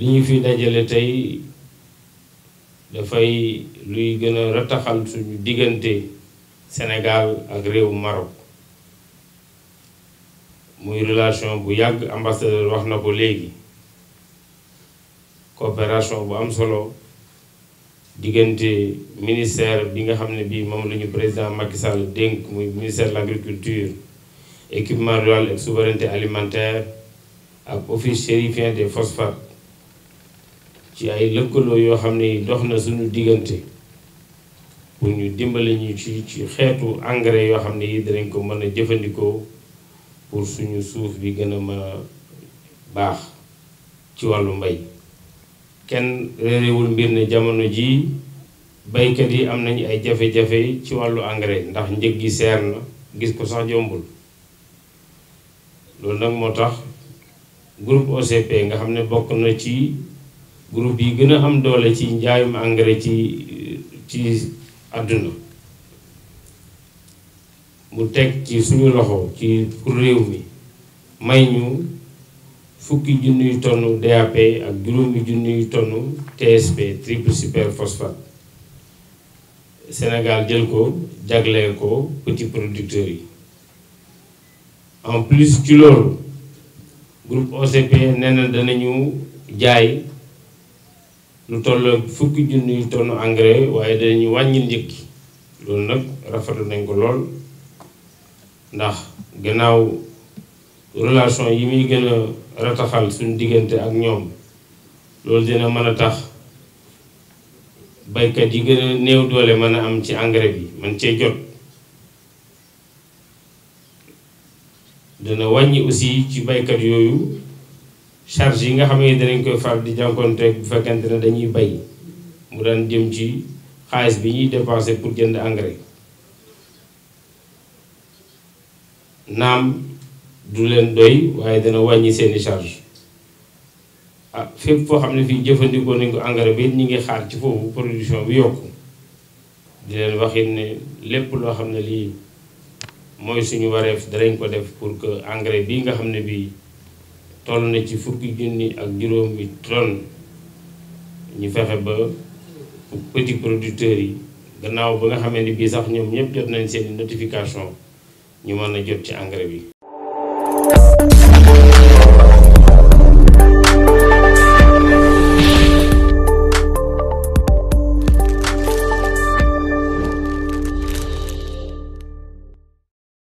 li fi dajale tey dafay luy gën a rataxal suñu diggante Sénégal ak réew Maroc muy relation bu yàgg ambassadeur wax na ko léegi coopération bu am solo diggante ministère bi nga xam ne bii moom la ñu président Macky Sall dénk muy ministère de l'agriculture équipement rural et souveraineté alimentaire ak office chérifien des phosphates ci ay lëkkaloo yoo xam ne dox na suñu diggante bu ñu dimbali ñu ci ci xeetu engrais yoo xam ne yi dinañ ko mën a jëfandikoo pour suñu suuf bi gën a mën a baax ci wàllu mbay kenn réerewul mbir ne jamono ji baykat yi am nañu ay jafe-jafe ci wàllu engrais ndax njëg gi seer na gis ko sax jombul loolu nag moo tax groupe OCP nga xam ne bokk na ci group yi gën a am doole ci njaayum engrais ci ci àdduna mu teg ci suñu loxo ci réew mi may ñu fukki junniy tonn DAP ak juróomi junniy tonn TSP triple super phosphate Sénégal jël ko jagleel ko petits producteurs yi en plus ci loolu groupe OCP nee na danañu jaay lu toll fukki junniy tonn engrais waaye dañu wàññi njëg gi loolu nag rafetlu nañ ko lool ndax gannaaw relation yi muy gën a rataxal suñ diggante ak ñoom loolu dina mën a tax baykat yi gën néew doole mën a am ci engrais bi man cee jot dana wàññi aussi ci baykat yooyu charge yi nga xam ne danañ koy faral di jànkoonteeg bu fekkente ne dañuy bay mu daan jëm ci xaalis bi ñuy dépensé pour jënd engrais naam du leen doy waaye dana wàññi seeni charge ah fépp foo xam ne fi jëfandikoo nañ ko engrais bi ñu ngi xaar ci foofu production bi yokku di leen waxit ne lépp loo xam ne lii mooy suñu wareef danañ ko def pour que engrais bii nga xam ne bii toll na ci fukki junni ak juróomi tonne ñu fexe ba petit producteurs yi gannaaw ba nga xamee ni bii sax ñoom ñëpp jot nañ seeni notification ñu mën a jot ci engrais bi